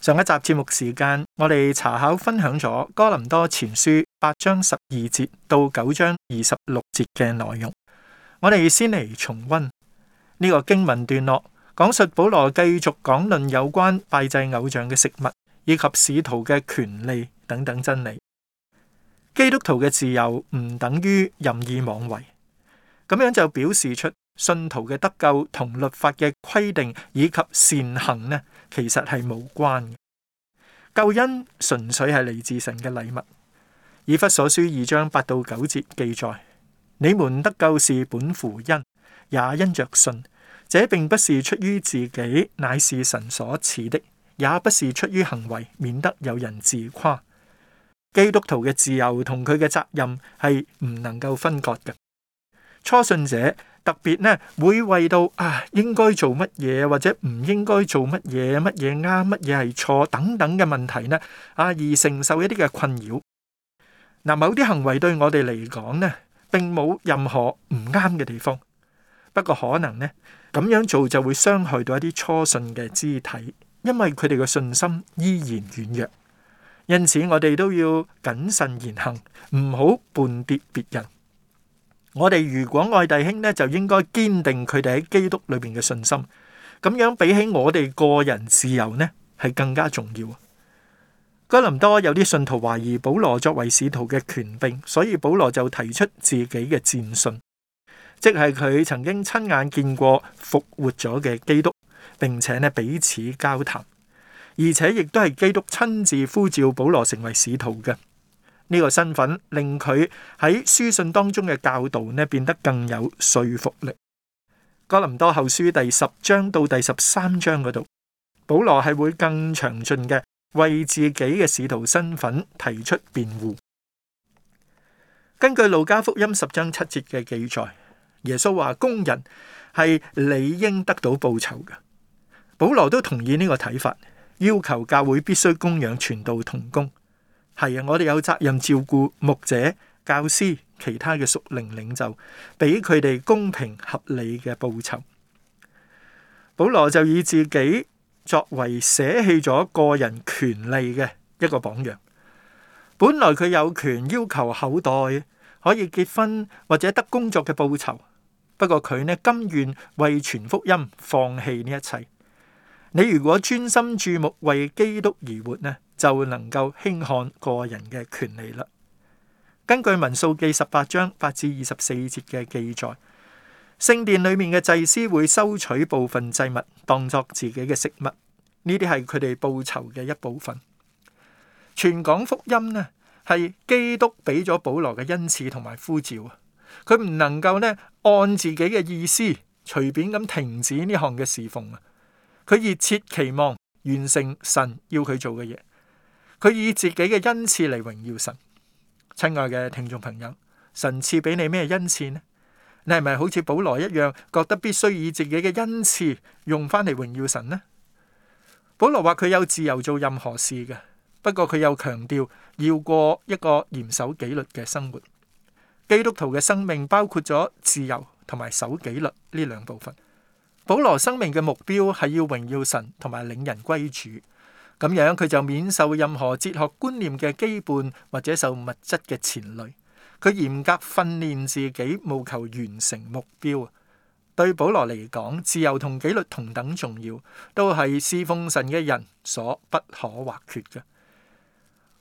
上一集節目時間，我哋查考分享咗哥林多前書八章十二節到九章二十六節嘅內容。我哋先嚟重溫呢個經文段落，講述保羅繼續講論有關拜祭偶像嘅食物以及使徒嘅權利等等真理。基督徒嘅自由唔等於任意妄為，咁樣就表示出信徒嘅得救同律法嘅規定以及善行呢？其實係無關嘅，救恩純粹係嚟自神嘅禮物。以弗所書二章八到九節記載：你們得救是本乎恩，也因着信。這並不是出於自己，乃是神所賜的；也不是出於行為，免得有人自誇。基督徒嘅自由同佢嘅責任係唔能夠分割嘅。初信者。特別咧會為到啊，應該做乜嘢或者唔應該做乜嘢、乜嘢啱、乜嘢係錯等等嘅問題咧啊，而承受一啲嘅困擾。嗱，某啲行為對我哋嚟講咧，並冇任何唔啱嘅地方。不過可能咧咁樣做就會傷害到一啲初信嘅肢體，因為佢哋嘅信心依然軟弱。因此，我哋都要謹慎言行，唔好絆跌別人。我哋如果愛弟兄呢，就應該堅定佢哋喺基督裏邊嘅信心，咁樣比起我哋個人自由呢，係更加重要。哥林多有啲信徒懷疑保羅作為使徒嘅權柄，所以保羅就提出自己嘅戰信，即係佢曾經親眼見過復活咗嘅基督，並且呢彼此交談，而且亦都係基督親自呼召保羅成為使徒嘅。呢個身份令佢喺書信當中嘅教導呢，變得更有說服力。哥林多後書第十章到第十三章嗰度，保羅係會更詳盡嘅為自己嘅使徒身份提出辯護。根據路加福音十章七節嘅記載，耶穌話工人係理應得到報酬嘅。保羅都同意呢個睇法，要求教會必須供養傳道同工。係啊，我哋有責任照顧牧者、教師、其他嘅屬靈領袖，俾佢哋公平合理嘅報酬。保羅就以自己作為捨棄咗個人權利嘅一個榜樣。本來佢有權要求後代可以結婚或者得工作嘅報酬，不過佢呢甘願為傳福音放棄呢一切。你如果專心注目為基督而活呢，就能夠輕看個人嘅權利啦。根據《民數記》十八章八至二十四節嘅記載，聖殿裏面嘅祭司會收取部分祭物當作自己嘅食物，呢啲係佢哋報酬嘅一部分。傳講福音呢，係基督俾咗保羅嘅恩賜同埋呼召啊，佢唔能夠呢按自己嘅意思隨便咁停止呢項嘅侍奉啊，佢熱切期望完成神要佢做嘅嘢。佢以自己嘅恩賜嚟榮耀神。親愛嘅聽眾朋友，神賜俾你咩恩賜呢？你係咪好似保羅一樣，覺得必須以自己嘅恩賜用翻嚟榮耀神呢？保羅話佢有自由做任何事嘅，不過佢又強調要過一個嚴守紀律嘅生活。基督徒嘅生命包括咗自由同埋守紀律呢兩部分。保羅生命嘅目標係要榮耀神同埋領人歸主。咁樣佢就免受任何哲學觀念嘅羈絆，或者受物質嘅牽累。佢嚴格訓練自己，務求完成目標。對保羅嚟講，自由同紀律同等重要，都係侍奉神嘅人所不可或缺嘅。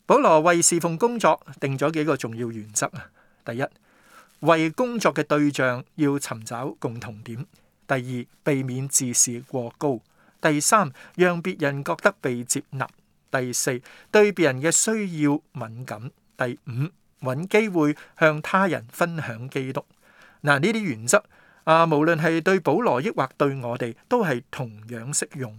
保羅為侍奉工作定咗幾個重要原則啊！第一，為工作嘅對象要尋找共同點；第二，避免自視過高。第三，讓別人覺得被接納；第四，對別人嘅需要敏感；第五，搵機會向他人分享基督。嗱，呢啲原則啊，無論係對保羅抑或對我哋，都係同樣適用。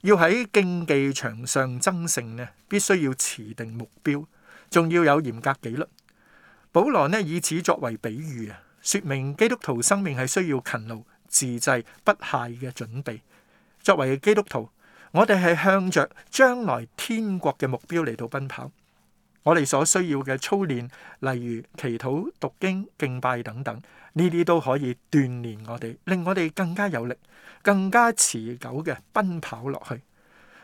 要喺競技場上爭勝呢，必須要持定目標，仲要有嚴格紀律。保羅呢，以此作為比喻啊，說明基督徒生命係需要勤勞、自制、不懈嘅準備。作為基督徒，我哋係向着將來天國嘅目標嚟到奔跑。我哋所需要嘅操練，例如祈禱、讀經、敬拜等等，呢啲都可以鍛鍊我哋，令我哋更加有力、更加持久嘅奔跑落去。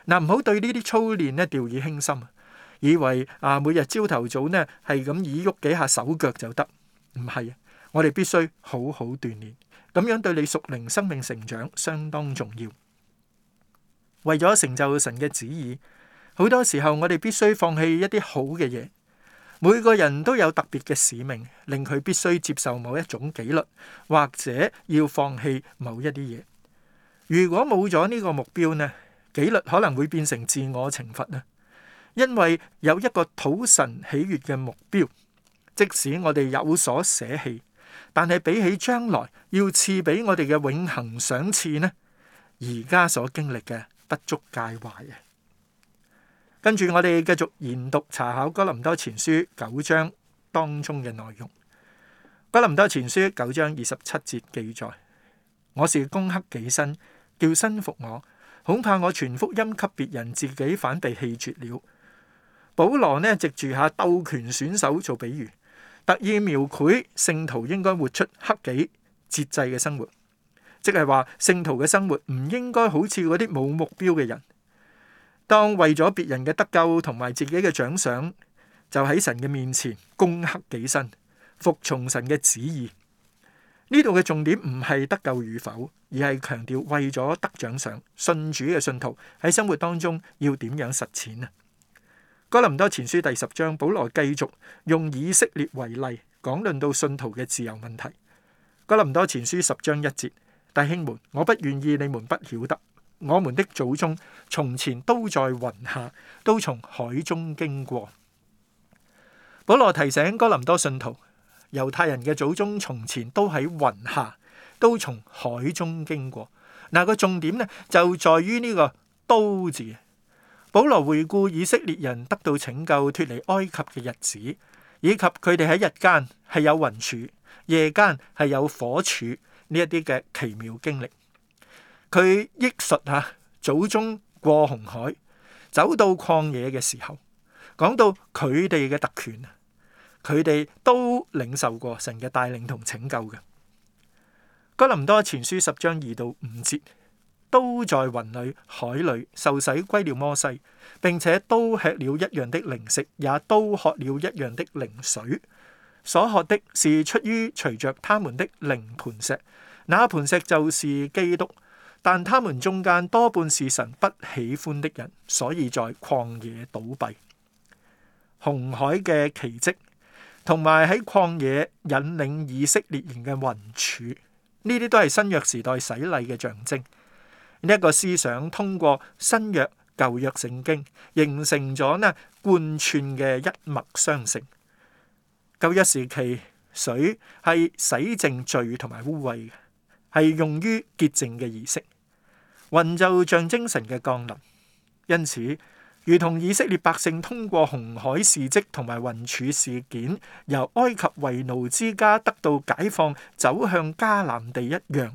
嗱、呃，唔好對呢啲操練咧掉以輕心，以為啊，每日朝頭早咧係咁意喐幾下手腳就得，唔係啊。我哋必須好好鍛鍊，咁樣對你屬靈生命成長相當重要。為咗成就神嘅旨意，好多時候我哋必須放棄一啲好嘅嘢。每個人都有特別嘅使命，令佢必須接受某一種紀律，或者要放棄某一啲嘢。如果冇咗呢個目標呢，紀律可能會變成自我懲罰啦。因為有一個討神喜悅嘅目標，即使我哋有所捨棄，但係比起將來要賜俾我哋嘅永恆賞賜呢，而家所經歷嘅。不足介懷啊！跟住我哋繼續研讀查考《哥林多前書》九章當中嘅內容，《哥林多前書》九章二十七節記載：我是攻克己身，叫身服我，恐怕我傳福音給別人，自己反被棄絕了。保羅呢，藉住下鬥拳選手做比喻，特意描繪聖徒應該活出克己節制嘅生活。即係話聖徒嘅生活唔應該好似嗰啲冇目標嘅人，當為咗別人嘅得救同埋自己嘅獎賞，就喺神嘅面前攻克己身，服從神嘅旨意。呢度嘅重點唔係得救與否，而係強調為咗得獎賞，信主嘅信徒喺生活當中要點樣實踐啊？哥林多前書第十章，保羅繼續用以色列為例，講論到信徒嘅自由問題。哥林多前書十章一節。弟兄們，我不願意你們不曉得我們的祖宗從前都在雲下，都從海中經過。保羅提醒哥林多信徒，猶太人嘅祖宗從前都喺雲下，都從海中經過。嗱個重點呢，就在於呢個“都”字。保羅回顧以色列人得到拯救、脱離埃及嘅日子，以及佢哋喺日間係有雲柱，夜間係有火柱。呢一啲嘅奇妙經歷，佢憶述下祖宗過紅海走到曠野嘅時候，講到佢哋嘅特權，佢哋都領受過神嘅帶領同拯救嘅。哥林多前書十章二到五節，都在雲裏海裏受洗歸了摩西，並且都吃了一樣的靈食，也都喝了一樣的靈水。所學的是出於隨着他們的靈盤石，那盤石就是基督。但他們中間多半是神不喜歡的人，所以在曠野倒閉。紅海嘅奇跡，同埋喺曠野引領以色列人嘅雲柱，呢啲都係新約時代洗禮嘅象徵。呢、這、一個思想通過新約、舊約聖經形成咗呢貫穿嘅一脈相承。舊約時期，水係洗淨罪同埋污穢嘅，係用於潔淨嘅儀式。雲就象徵神嘅降臨。因此，如同以色列百姓通過紅海事跡同埋雲柱事件，由埃及為奴之家得到解放，走向迦南地一樣，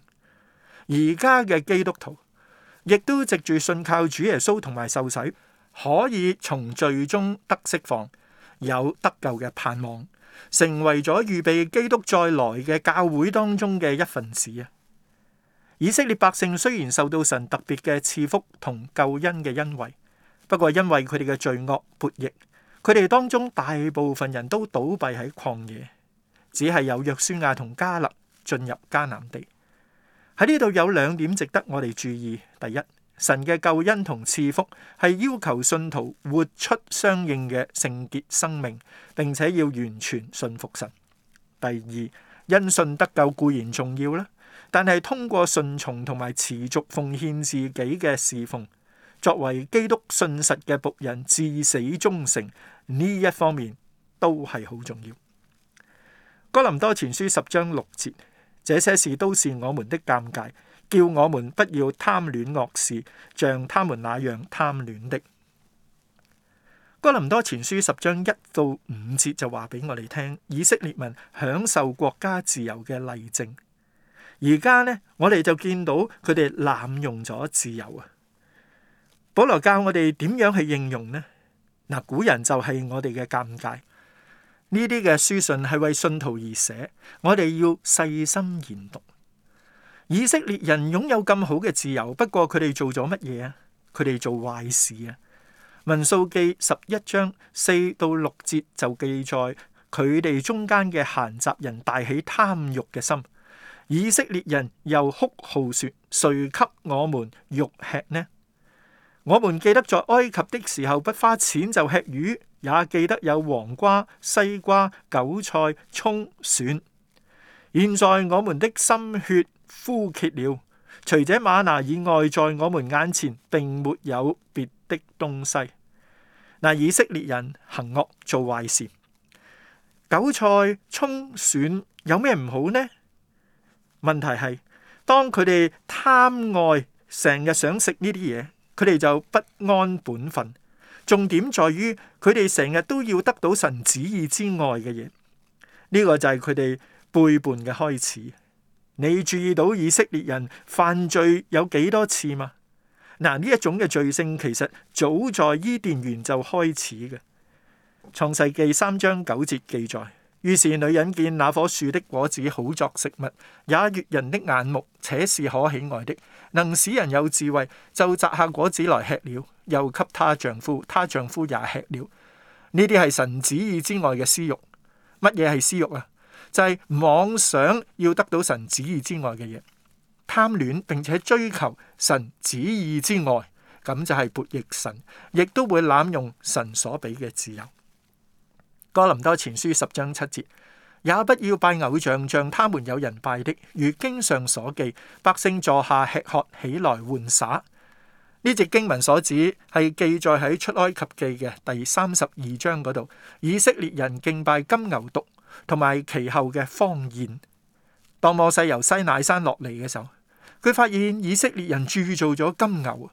而家嘅基督徒亦都藉住信靠主耶穌同埋受洗，可以從罪中得釋放，有得救嘅盼望。成為咗預備基督再來嘅教會當中嘅一份子啊！以色列百姓雖然受到神特別嘅賜福同救恩嘅恩惠，不過因為佢哋嘅罪惡悖逆，佢哋當中大部分人都倒閉喺曠野，只係有約書亞同加勒進入迦南地。喺呢度有兩點值得我哋注意：第一。神嘅救恩同賜福係要求信徒活出相應嘅聖潔生命，並且要完全信服神。第二，因信得救固然重要啦，但係通過順從同埋持續奉獻自己嘅侍奉，作為基督信實嘅僕人，至死忠誠，呢一方面都係好重要。哥林多前書十章六節，這些事都是我們的尷尬。叫我們不要貪戀惡事，像他們那樣貪戀的。哥林多前書十章一到五節就話俾我哋聽，以色列民享受國家自由嘅例證。而家呢，我哋就見到佢哋濫用咗自由啊！保羅教我哋點樣去應用呢？嗱，古人就係我哋嘅鑑戒。呢啲嘅書信係為信徒而寫，我哋要細心研讀。以色列人擁有咁好嘅自由，不過佢哋做咗乜嘢啊？佢哋做壞事啊！民數記十一章四到六節就記載佢哋中間嘅閒雜人大起貪欲嘅心。以色列人又哭號說：誰給我們肉吃呢？我們記得在埃及的時候不花錢就吃魚，也記得有黃瓜、西瓜、韭菜、蔥、蒜。現在我們的心血枯竭了。除者馬拿以外，在我們眼前並沒有別的東西。嗱，以色列人行惡做壞事，韭菜蔥蒜有咩唔好呢？問題係當佢哋貪愛，成日想食呢啲嘢，佢哋就不安本分。重點在於佢哋成日都要得到神旨意之外嘅嘢，呢、這個就係佢哋背叛嘅開始。你注意到以色列人犯罪有幾多次嘛？嗱，呢一種嘅罪性其實早在伊甸園就開始嘅。創世記三章九節記載：於是女人見那棵樹的果子好作食物，也悅人的眼目，且是可喜愛的，能使人有智慧，就摘下果子來吃了，又給她丈夫，她丈夫也吃了。呢啲係神旨意之外嘅私欲，乜嘢係私欲啊？就係妄想要得到神旨意之外嘅嘢，貪戀並且追求神旨意之外，咁就係悖逆神，亦都會濫用神所俾嘅自由。哥林多前書十章七節，也不要拜偶像，像他們有人拜的，如經上所記，百姓坐下吃喝，起來玩耍。呢隻經文所指係記載喺出埃及記嘅第三十二章嗰度，以色列人敬拜金牛犢。同埋其後嘅方言，當摩西由西乃山落嚟嘅時候，佢發現以色列人鑄造咗金牛啊，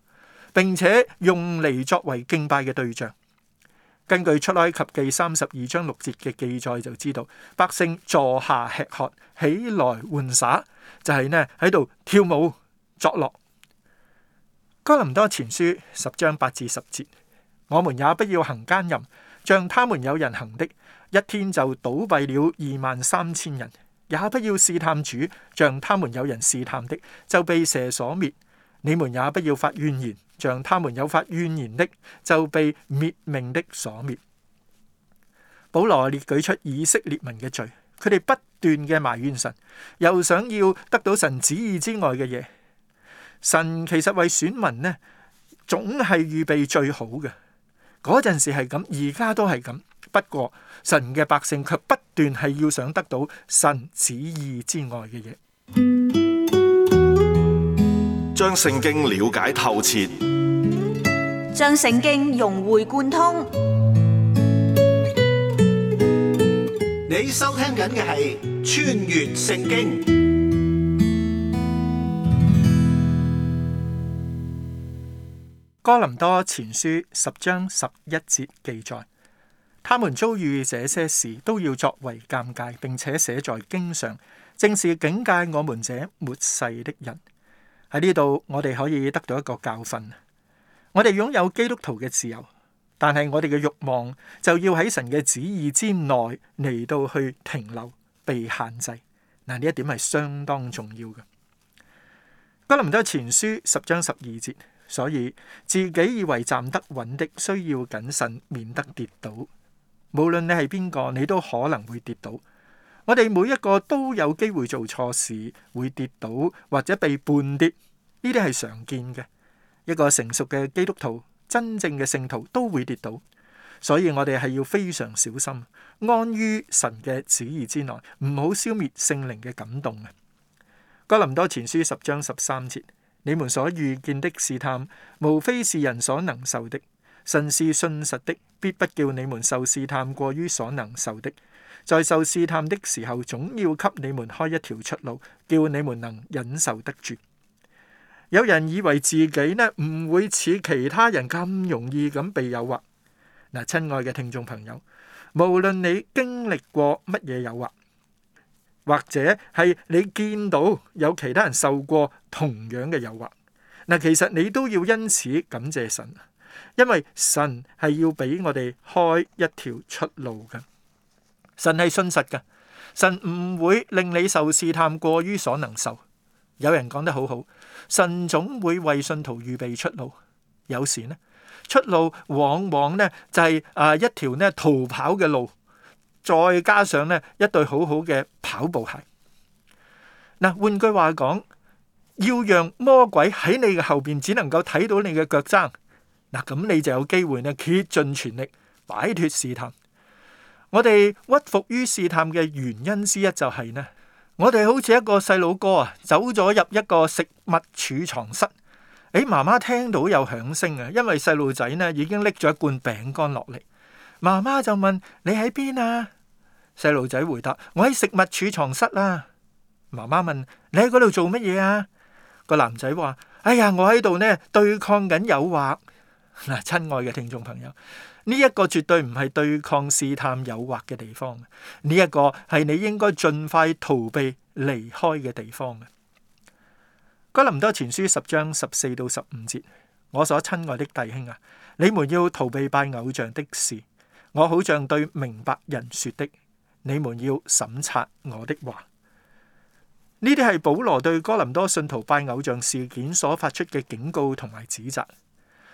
並且用嚟作為敬拜嘅對象。根據出埃及記三十二章六節嘅記載，就知道百姓坐下吃喝，起來玩耍，就係、是、呢喺度跳舞作樂。哥林多前書十章八至十節，我們也不要行奸淫，像他們有人行的。一天就倒閉了二萬三千人，也不要試探主，像他們有人試探的就被蛇所滅；你們也不要發怨言，像他們有發怨言的就被滅命的所滅。保羅列舉出以色列民嘅罪，佢哋不斷嘅埋怨神，又想要得到神旨意之外嘅嘢。神其實為選民呢，總係預備最好嘅。嗰陣時係咁，而家都係咁。不過神嘅百姓卻不斷係要想得到神旨意之外嘅嘢，將聖經了解透徹，將聖經融會貫通。貫通，你收聽緊嘅係《穿越聖經》。哥林多前書十章十一節記載，他們遭遇這些事都要作為鑑戒，並且寫在經上，正是警戒我們這末世的人。喺呢度，我哋可以得到一個教訓：我哋擁有基督徒嘅自由，但係我哋嘅欲望就要喺神嘅旨意之內嚟到去停留，被限制。嗱，呢一點係相當重要嘅。哥林多前書十章十二節。所以自己以為站得穩的，需要謹慎，免得跌倒。無論你係邊個，你都可能會跌倒。我哋每一個都有機會做錯事，會跌倒或者被絆跌。呢啲係常見嘅。一個成熟嘅基督徒、真正嘅聖徒都會跌倒。所以我哋係要非常小心，安於神嘅旨意之內，唔好消滅聖靈嘅感動啊。哥林多前書十章十三節。你們所遇見的試探，無非是人所能受的。神是信實的，必不叫你們受試探過於所能受的。在受試探的時候，總要給你們開一條出路，叫你們能忍受得住。有人以為自己呢唔會似其他人咁容易咁被誘惑。嗱，親愛嘅聽眾朋友，無論你經歷過乜嘢誘惑，或者係你見到有其他人受過同樣嘅誘惑，嗱，其實你都要因此感謝神，因為神係要俾我哋開一條出路嘅。神係信實嘅，神唔會令你受試探過於所能受。有人講得好好，神總會為信徒預備出路。有時呢，出路往往呢就係啊一條呢逃跑嘅路。再加上咧一對好好嘅跑步鞋，嗱，換句話講，要讓魔鬼喺你嘅後邊，只能夠睇到你嘅腳踭。嗱，咁你就有機會咧竭盡全力擺脫試探。我哋屈服於試探嘅原因之一就係呢，我哋好似一個細路哥啊，走咗入一個食物儲藏室。誒，媽媽聽到有響聲啊，因為細路仔呢已經拎咗一罐餅乾落嚟。媽媽就問：你喺邊啊？細路仔回答：我喺食物儲藏室啦。媽媽問，你喺嗰度做乜嘢啊？個男仔話：哎呀，我喺度呢，對抗緊誘惑嗱。親愛嘅聽眾朋友，呢一個絕對唔係對抗試探誘惑嘅地方，呢一個係你應該盡快逃避離開嘅地方嘅。哥林多前書十章十四到十五節，我所親愛的弟兄啊，你們要逃避拜偶像的事，我好像對明白人說的。你們要審察我的話，呢啲係保羅對哥林多信徒拜偶像事件所發出嘅警告同埋指責。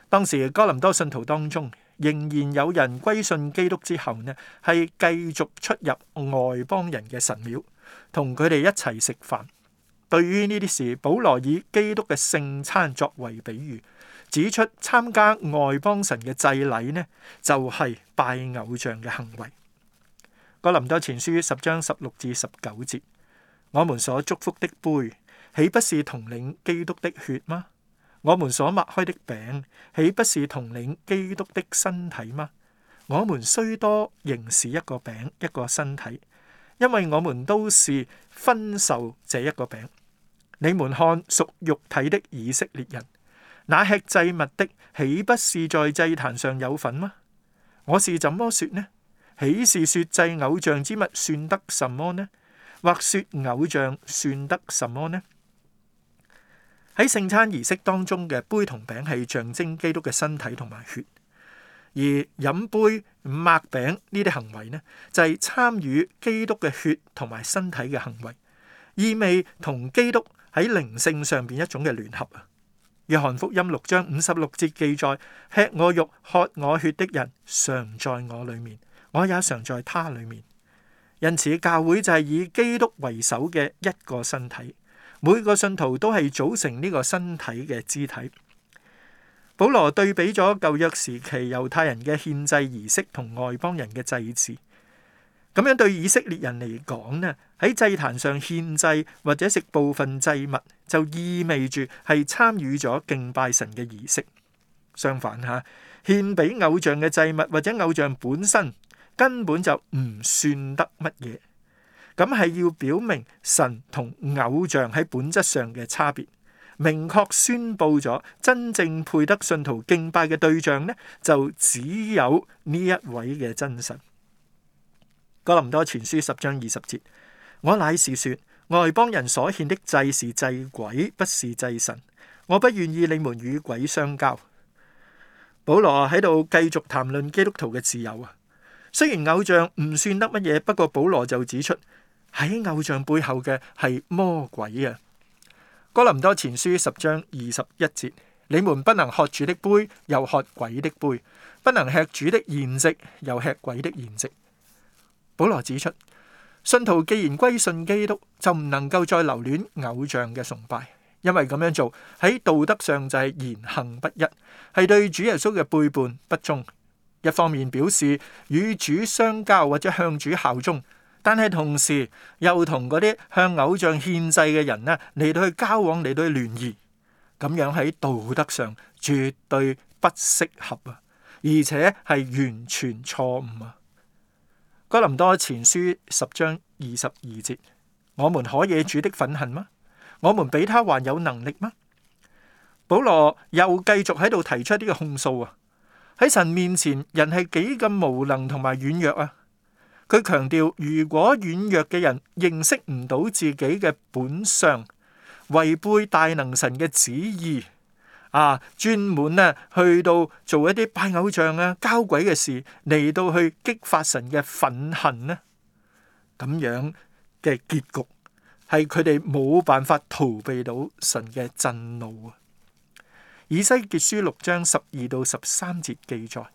當時哥林多信徒當中仍然有人歸信基督之後呢，係繼續出入外邦人嘅神廟，同佢哋一齊食飯。對於呢啲事，保羅以基督嘅聖餐作為比喻，指出參加外邦神嘅祭禮呢，就係拜偶像嘅行為。哥林多前書十章十六至十九節，我們所祝福的杯，豈不是同領基督的血嗎？我們所擘開的餅，豈不是同領基督的身體嗎？我們雖多，仍是一個餅一個身體，因為我們都是分受這一個餅。你們看屬肉體的以色列人，那吃祭物的，豈不是在祭壇上有份嗎？我是怎麼說呢？豈是說祭偶像之物算得什麼呢？或説偶像算得什麼呢？喺聖餐儀式當中嘅杯同餅係象徵基督嘅身體同埋血，而飲杯、擘餅呢啲行為呢，就係參與基督嘅血同埋身體嘅行為，意味同基督喺靈性上邊一種嘅聯合啊。約翰福音六章五十六節記載：吃我肉、喝我血的人，常在我裡面。我也常在他裡面，因此教會就係以基督為首嘅一個身體，每個信徒都係組成呢個身體嘅肢體。保羅對比咗舊約時期猶太人嘅獻祭儀式同外邦人嘅祭祀。咁樣對以色列人嚟講呢，喺祭壇上獻祭或者食部分祭物，就意味住係參與咗敬拜神嘅儀式。相反吓，獻俾偶像嘅祭物或者偶像本身。根本就唔算得乜嘢，咁係要表明神同偶像喺本質上嘅差別，明確宣布咗真正配得信徒敬拜嘅對象呢，就只有呢一位嘅真神。哥林多前書十章二十節，我乃是說外邦人所獻的祭是祭鬼，不是祭神，我不願意你們與鬼相交。保羅喺度繼續談論基督徒嘅自由啊。雖然偶像唔算得乜嘢，不過保羅就指出喺偶像背後嘅係魔鬼啊。哥林多前書十章二十一節：你們不能喝主的杯，又喝鬼的杯；不能吃主的筵席，又吃鬼的筵席。保羅指出，信徒既然歸信基督，就唔能夠再留戀偶像嘅崇拜，因為咁樣做喺道德上就係言行不一，係對主耶穌嘅背叛不忠。一方面表示與主相交或者向主效忠，但係同時又同嗰啲向偶像獻祭嘅人呢，嚟到去交往，嚟到去聯誼，咁樣喺道德上絕對不適合啊，而且係完全錯誤啊。哥林多前書十章二十二節，我們可惹主的憤恨嗎？我們比他還有能力嗎？保羅又繼續喺度提出一啲控訴啊！喺神面前，人係幾咁無能同埋軟弱啊！佢強調，如果軟弱嘅人認識唔到自己嘅本相，違背大能神嘅旨意，啊，專門咧去到做一啲拜偶像啊、交鬼嘅事，嚟到去激發神嘅憤恨咧，咁樣嘅結局係佢哋冇辦法逃避到神嘅震怒啊！以西結書六章十二到十三節記載：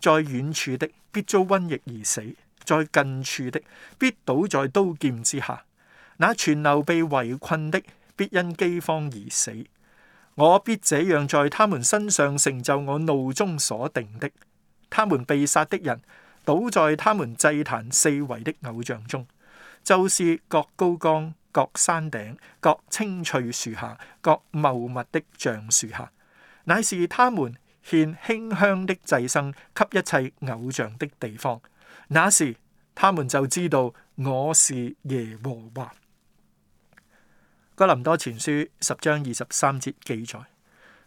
在遠處的必遭瘟疫而死；在近處的必倒在刀劍之下。那存留被圍困的必因饑荒而死。我必這樣在他們身上成就我怒中所定的。他們被殺的人倒在他們祭壇四圍的偶像中，就是各高崗、各山頂、各青翠樹下、各茂密的橡樹下。乃是他們獻馨香的祭牲給一切偶像的地方。那時他們就知道我是耶和華。哥林多前書十章二十三節記載：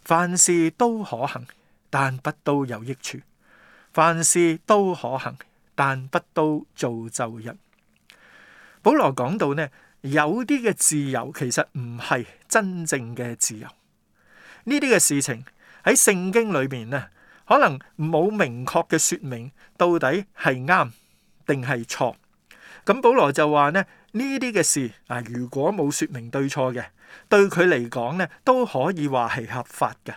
凡事都可行，但不都有益處；凡事都可行，但不都造就人。保羅講到呢，有啲嘅自由其實唔係真正嘅自由。呢啲嘅事情喺聖經裏面呢，可能冇明確嘅說明，到底係啱定係錯？咁保羅就話呢，呢啲嘅事啊，如果冇說明對錯嘅，對佢嚟講呢，都可以話係合法嘅。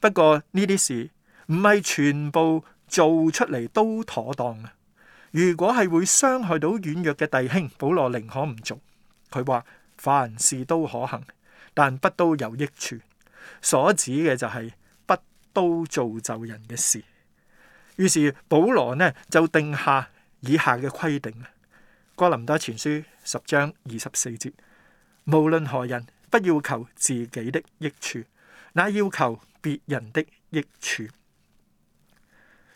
不過呢啲事唔係全部做出嚟都妥當嘅。如果係會傷害到軟弱嘅弟兄，保羅寧可唔做。佢話凡事都可行，但不都有益處。所指嘅就係不都造就人嘅事，於是保羅呢就定下以下嘅規定啦。哥林多前書十章二十四節，無論何人，不要求自己的益處，那要求別人的益處。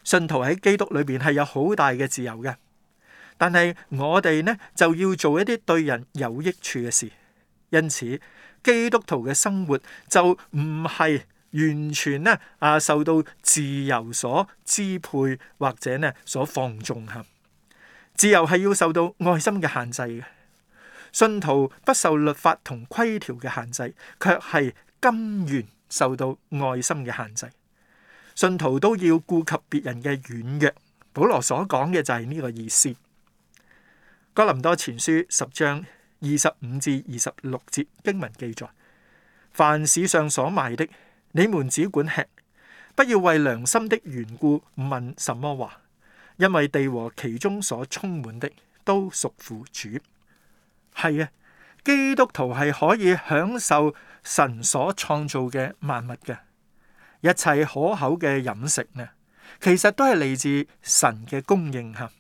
信徒喺基督裏邊係有好大嘅自由嘅，但係我哋呢就要做一啲對人有益處嘅事。因此，基督徒嘅生活就唔係完全呢啊，受到自由所支配或者呢所放縱吓。自由係要受到愛心嘅限制嘅。信徒不受律法同規條嘅限制，卻係甘願受到愛心嘅限制。信徒都要顧及別人嘅軟弱。保羅所講嘅就係呢個意思。哥林多前書十章。二十五至二十六節經文記載：凡市上所賣的，你們只管吃，不要為良心的緣故問什麼話，因為地和其中所充滿的都屬乎主。係啊，基督徒係可以享受神所創造嘅萬物嘅，一切可口嘅飲食呢，其實都係嚟自神嘅供應啊。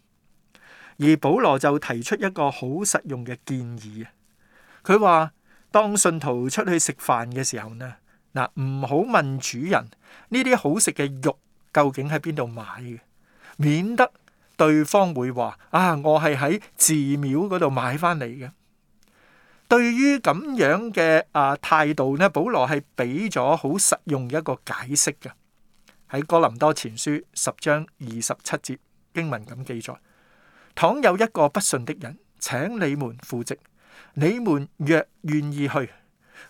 而保羅就提出一個好實用嘅建議，佢話當信徒出去食飯嘅時候呢，嗱唔好問主人呢啲好食嘅肉究竟喺邊度買嘅，免得對方會話啊，我係喺寺廟嗰度買翻嚟嘅。對於咁樣嘅啊態度呢，保羅係俾咗好實用一個解釋嘅。喺哥林多前書十章二十七節經文咁記載。倘有一個不信的人，請你們赴席。你們若願意去，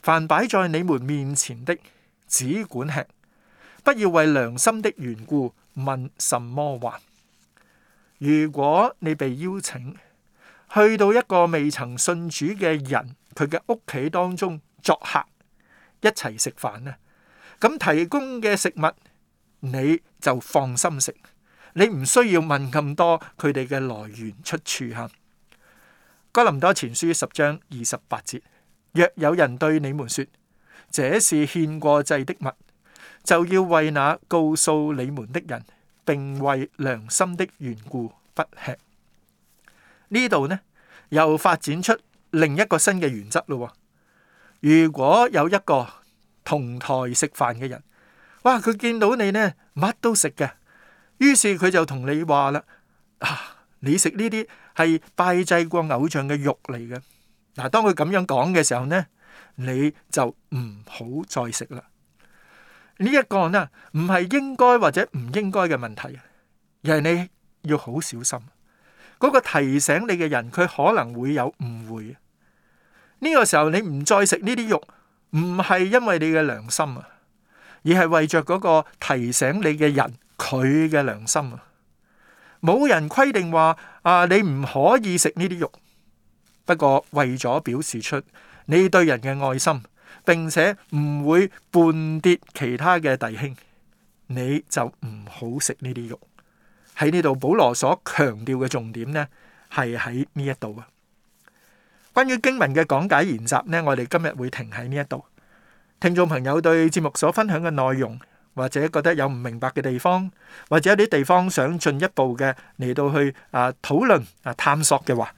凡擺在你們面前的，只管吃，不要為良心的緣故問什麼話。如果你被邀請去到一個未曾信主嘅人佢嘅屋企當中作客，一齊食飯呢，咁提供嘅食物你就放心食。你唔需要問咁多佢哋嘅來源出處吓，《哥林多前書》十章二十八節：若有人對你們說，這是獻過祭的物，就要為那告訴你們的人，並為良心的緣故不吃。呢度呢又發展出另一個新嘅原則咯。如果有一個同台食飯嘅人，哇，佢見到你呢，乜都食嘅。於是佢就同你話啦：啊，你食呢啲係拜祭過偶像嘅肉嚟嘅。嗱，當佢咁樣講嘅時候呢，你就唔好再食啦。呢一個呢唔係應該或者唔應該嘅問題，而係你要好小心。嗰個提醒你嘅人，佢可能會有誤會。呢個時候你唔再食呢啲肉，唔係因為你嘅良心啊，而係為着嗰個提醒你嘅人。佢嘅良心啊！冇人規定話啊，你唔可以食呢啲肉。不過為咗表示出你對人嘅愛心，並且唔會絆跌其他嘅弟兄，你就唔好食呢啲肉。喺呢度，保羅所強調嘅重點呢，係喺呢一度啊。關於經文嘅講解研習呢，我哋今日會停喺呢一度。聽眾朋友對節目所分享嘅內容。或者覺得有唔明白嘅地方，或者有啲地方想進一步嘅嚟到去啊討論啊探索嘅話，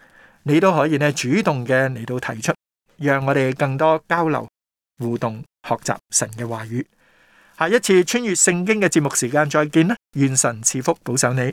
你都可以咧主動嘅嚟到提出，讓我哋更多交流互動學習神嘅話語。下一次穿越聖經嘅節目時間再見啦！願神賜福保守你。